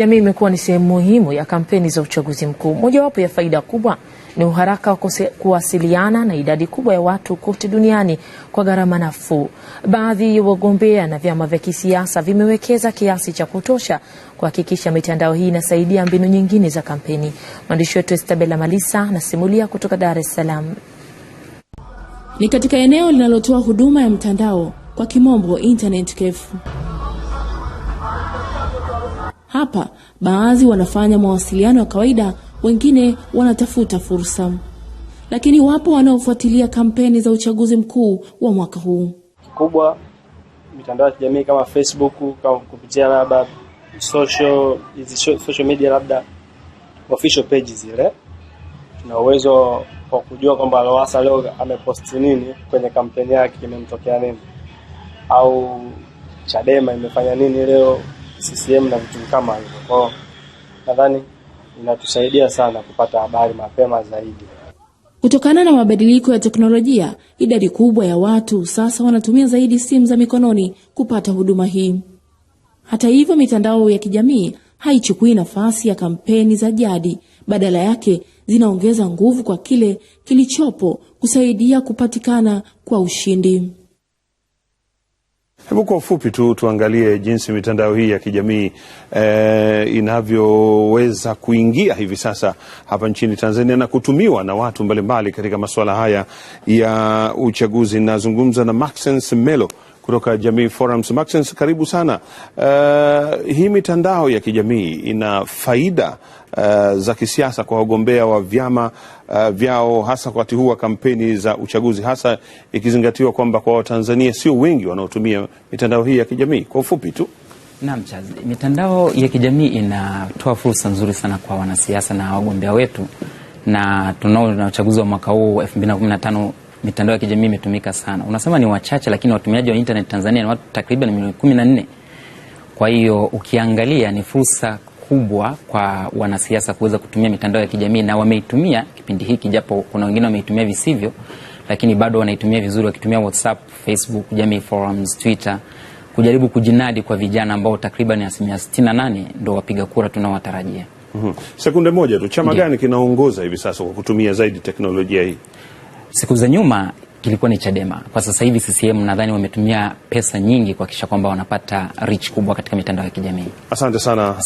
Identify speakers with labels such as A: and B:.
A: Jamii imekuwa ni sehemu muhimu ya kampeni za uchaguzi mkuu. Mojawapo ya faida kubwa ni uharaka wa kuwasiliana na idadi kubwa ya watu kote duniani kwa gharama nafuu. Baadhi ya wagombea na vyama vya kisiasa vimewekeza kiasi cha kutosha kuhakikisha mitandao hii inasaidia mbinu nyingine za kampeni. Mwandishi wetu Estabela Malisa anasimulia kutoka Dar es Salaam.
B: Ni katika eneo linalotoa huduma ya mtandao, kwa kimombo internet cafe. Hapa baadhi wanafanya mawasiliano ya kawaida, wengine wanatafuta fursa, lakini wapo wanaofuatilia kampeni za uchaguzi mkuu wa mwaka huu.
C: Kikubwa mitandao ya kijamii kama Facebook, kama kupitia labda social social media, labda official pages zile, tuna uwezo wa kujua kwamba Lowassa leo ameposti nini kwenye kampeni yake, imemtokea nini, au Chadema imefanya nini leo CCM na vitu kama hivyo. hiyo nadhani inatusaidia sana kupata habari mapema zaidi.
B: Kutokana na mabadiliko ya teknolojia, idadi kubwa ya watu sasa wanatumia zaidi simu za mikononi kupata huduma hii. Hata hivyo, mitandao ya kijamii haichukui nafasi ya kampeni za jadi, badala yake zinaongeza nguvu kwa kile kilichopo kusaidia kupatikana kwa ushindi.
D: Hebu kwa ufupi tu tuangalie jinsi mitandao hii ya kijamii e, inavyoweza kuingia hivi sasa hapa nchini Tanzania na kutumiwa na watu mbalimbali katika masuala haya ya uchaguzi. Nazungumza na Maxence Melo kutoka Jamii Forums. Maxens, karibu sana. Uh, hii mitandao ya kijamii ina faida uh, za kisiasa kwa wagombea wa vyama uh, vyao hasa wakati huu wa kampeni za uchaguzi, hasa ikizingatiwa kwamba kwa Watanzania sio wengi wanaotumia mitandao hii ya kijamii. Kwa ufupi tu
E: Naam, mitandao ya kijamii inatoa fursa nzuri sana kwa wanasiasa na wagombea wetu, na tunao na uchaguzi wa mwaka huu 2015 mitandao ya kijamii imetumika sana. Unasema ni wachache, lakini watumiaji wa internet Tanzania ni watu takriban milioni kumi na nne. Kwa hiyo ukiangalia ni fursa kubwa kwa wanasiasa kuweza kutumia mitandao ya kijamii na wameitumia kipindi hiki, japo kuna wengine wameitumia visivyo, lakini bado wanaitumia vizuri, wakitumia WhatsApp, Facebook, jamii forums, Twitter kujaribu kujinadi kwa vijana ambao takriban asilimia 68 ndio wapiga kura tunaowatarajia. mm
D: -hmm. Sekunde moja tu, chama gani kinaongoza hivi sasa kwa kutumia zaidi teknolojia hii?
E: Siku za nyuma kilikuwa ni Chadema. Kwa sasa hivi CCM nadhani wametumia pesa nyingi kuhakikisha kwamba wanapata reach kubwa katika mitandao ya kijamii.
D: Asante sana. Asante.